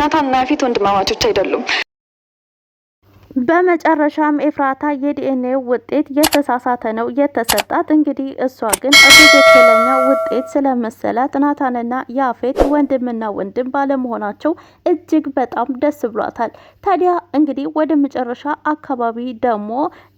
ናታንና ያፌት ወንድማማቾች አይደሉም። በመጨረሻም ኤፍራታ የዲኤንኤ ውጤት የተሳሳተ ነው የተሰጣት። እንግዲህ እሷ ግን ትክክለኛ ውጤት ስለመሰላት ናታንና ያፌት ወንድምና ወንድም ባለመሆናቸው እጅግ በጣም ደስ ብሏታል። ታዲያ እንግዲህ ወደ መጨረሻ አካባቢ ደግሞ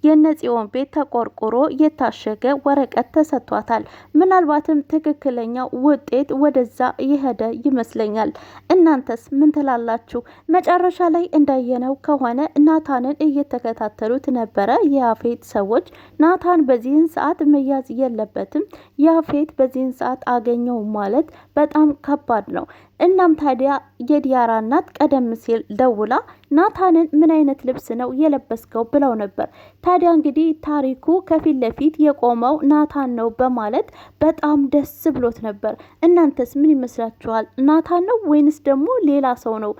የነጽዮን ቤት ተቆርቁሮ የታሸገ ወረቀት ተሰጥቷታል። ምናልባትም ትክክለኛው ውጤት ወደዛ የሄደ ይመስለኛል። እናንተስ ምን ትላላችሁ? መጨረሻ ላይ እንዳየነው ከሆነ ናታንን እየተከታተሉት ነበረ የአፌት ሰዎች። ናታን በዚህን ሰዓት መያዝ የለበትም። ያፌት በዚህን ሰዓት አገኘው ማለት በጣም ከባድ ነው። እናም ታዲያ የዲያራ እናት ቀደም ሲል ደውላ ናታንን ምን አይነት ልብስ ነው የለበስከው ብለው ነበር። ታዲያ እንግዲህ ታሪኩ ከፊት ለፊት የቆመው ናታን ነው በማለት በጣም ደስ ብሎት ነበር። እናንተስ ምን ይመስላችኋል? ናታን ነው ወይንስ ደግሞ ሌላ ሰው ነው?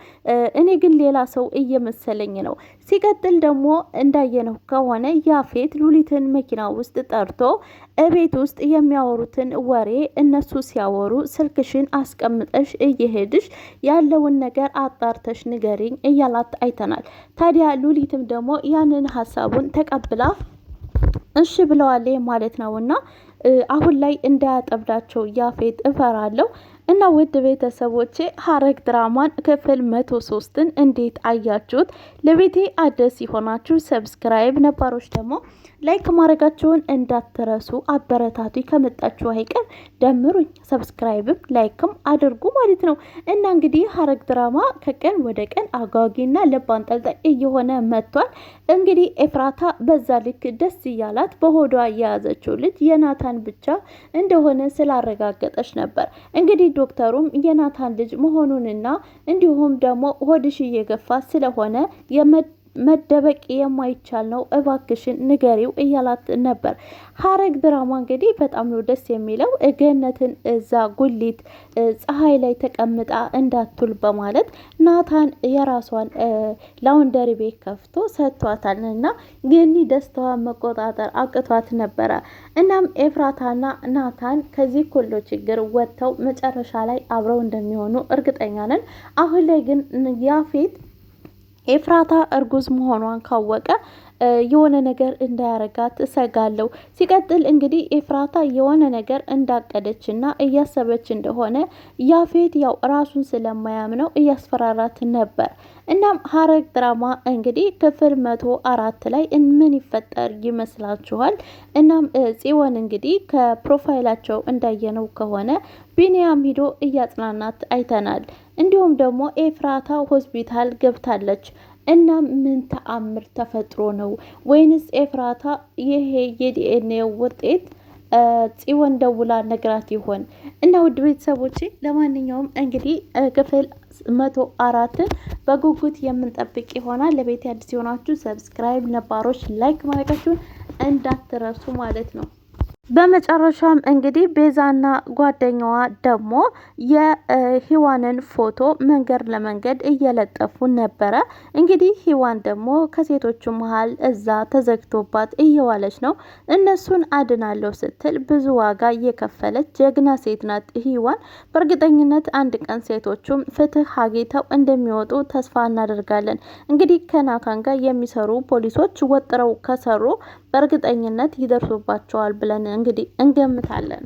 እኔ ግን ሌላ ሰው እየመሰለኝ ነው። ሲቀጥል ደግሞ እንዳየነው ከሆነ ያፌት ሉሊትን መኪና ውስጥ ጠርቶ እቤት ውስጥ የሚያወሩትን ወሬ እነሱ ሲያወሩ ስልክሽን አስቀምጠሽ እየሄድሽ ያለውን ነገር አጣርተሽ ንገሪኝ እያላት አይተናል። ታዲያ ሉሊትም ደግሞ ያንን ሀሳቡን ተቀብላ እሺ ብለዋል ማለት ነው እና አሁን ላይ እንዳያጠብዳቸው ያፌት እፈራለሁ እና ውድ ቤተሰቦቼ ሐረግ ድራማን ክፍል መቶ ሶስትን እንዴት አያችሁት? ለቤቴ አዲስ የሆናችሁ ሰብስክራይብ፣ ነባሮች ደግሞ ላይክ ማድረጋችሁን እንዳትረሱ። አበረታቱ ከመጣችሁ አይቀር ደምሩኝ። ሰብስክራይብም ላይክም አድርጉ ማለት ነው። እና እንግዲህ ሐረግ ድራማ ከቀን ወደ ቀን አጓጊና ልብ አንጠልጣይ እየሆነ መጥቷል። እንግዲህ ኤፍራታ በዛ ልክ ደስ እያላት በሆዷ የያዘችው ልጅ የናታን ብቻ እንደሆነ ስላረጋገጠች ነበር እንግዲህ ዶክተሩም የናታን ልጅ መሆኑንና እንዲሁም ደግሞ ሆድሽ እየገፋ ስለሆነ መደበቅ የማይቻል ነው፣ እባክሽን ንገሪው እያላት ነበር። ሀረግ ድራማ እንግዲህ በጣም ነው ደስ የሚለው። ገነትን እዛ ጉሊት ፀሐይ ላይ ተቀምጣ እንዳትል በማለት ናታን የራሷን ላውንደሪ ቤት ከፍቶ ሰጥቷታል እና ገኒ ደስታዋን መቆጣጠር አቅቷት ነበረ። እናም ኤፍራታና ናታን ከዚህ ሁሉ ችግር ወጥተው መጨረሻ ላይ አብረው እንደሚሆኑ እርግጠኛ ነን። አሁን ላይ ግን ያፌት ኤፍራታ እርጉዝ መሆኗን ካወቀ የሆነ ነገር እንዳያረጋት እሰጋለሁ። ሲቀጥል እንግዲህ ኤፍራታ የሆነ ነገር እንዳቀደች እና እያሰበች እንደሆነ ያፌት ያው ራሱን ስለማያምነው እያስፈራራት ነበር። እናም ሀረግ ድራማ እንግዲህ ክፍል መቶ አራት ላይ ምን ይፈጠር ይመስላችኋል? እናም ጽዮን እንግዲህ ከፕሮፋይላቸው እንዳየነው ከሆነ ቢኒያም ሂዶ እያጽናናት አይተናል። እንዲሁም ደግሞ ኤፍራታ ሆስፒታል ገብታለች። እና ምን ተአምር ተፈጥሮ ነው ወይንስ ኤፍራታ ይሄ የዲኤንኤ ውጤት ጽዮን ደውላ ነግራት ይሆን? እና ውድ ቤተሰቦች ለማንኛውም እንግዲህ ክፍል መቶ አራትን በጉጉት የምንጠብቅ ይሆናል። ለቤት አዲስ የሆናችሁ ሰብስክራይብ፣ ነባሮች ላይክ ማድረጋችሁን እንዳትረሱ ማለት ነው። በመጨረሻም እንግዲህ ቤዛና ጓደኛዋ ደግሞ የሂዋንን ፎቶ መንገድ ለመንገድ እየለጠፉ ነበረ። እንግዲህ ሂዋን ደግሞ ከሴቶቹ መሀል እዛ ተዘግቶባት እየዋለች ነው። እነሱን አድናለሁ ስትል ብዙ ዋጋ እየከፈለች ጀግና ሴት ናት ሂዋን። በእርግጠኝነት አንድ ቀን ሴቶቹም ፍትህ አግኝተው እንደሚወጡ ተስፋ እናደርጋለን። እንግዲህ ከናታን ጋር የሚሰሩ ፖሊሶች ወጥረው ከሰሩ በእርግጠኝነት ይደርሱባቸዋል ብለን እንግዲህ እንገምታለን።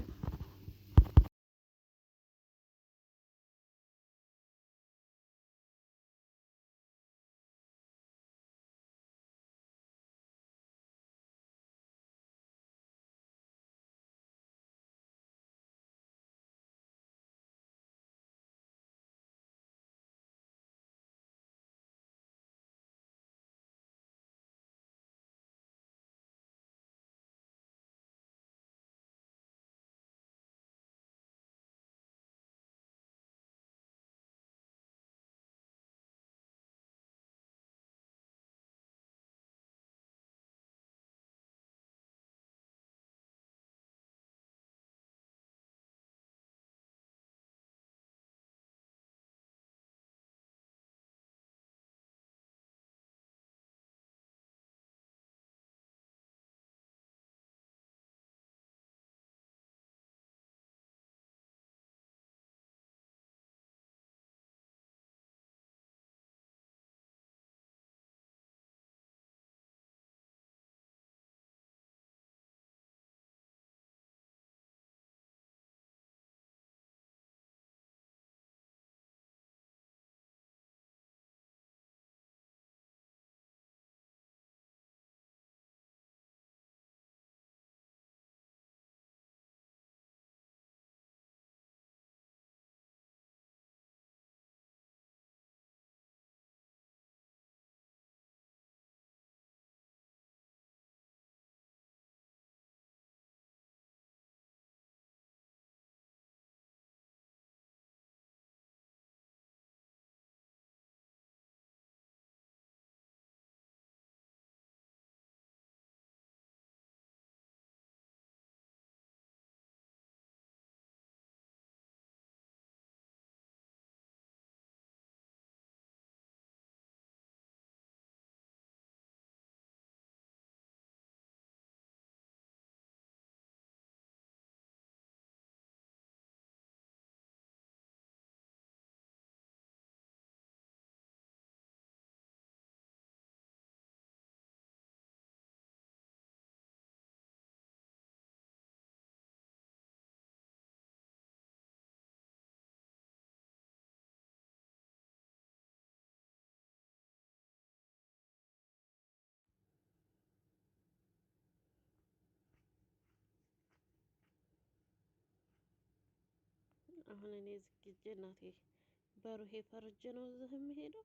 አሁን እኔ ዝግጄ እናቴ በሩሄ ፈርጄ ነው እዚህ የምሄደው።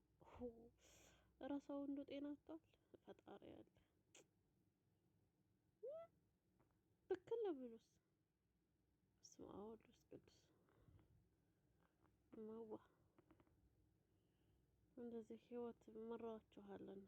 እራሳው እንዱ ጤና አጥቷል። ፈጣሪ ያለ ብክል ብሉስ ስማ ወልዱስ ቅዱስ መዋ እንደዚህ ህይወት መራዋችኋልና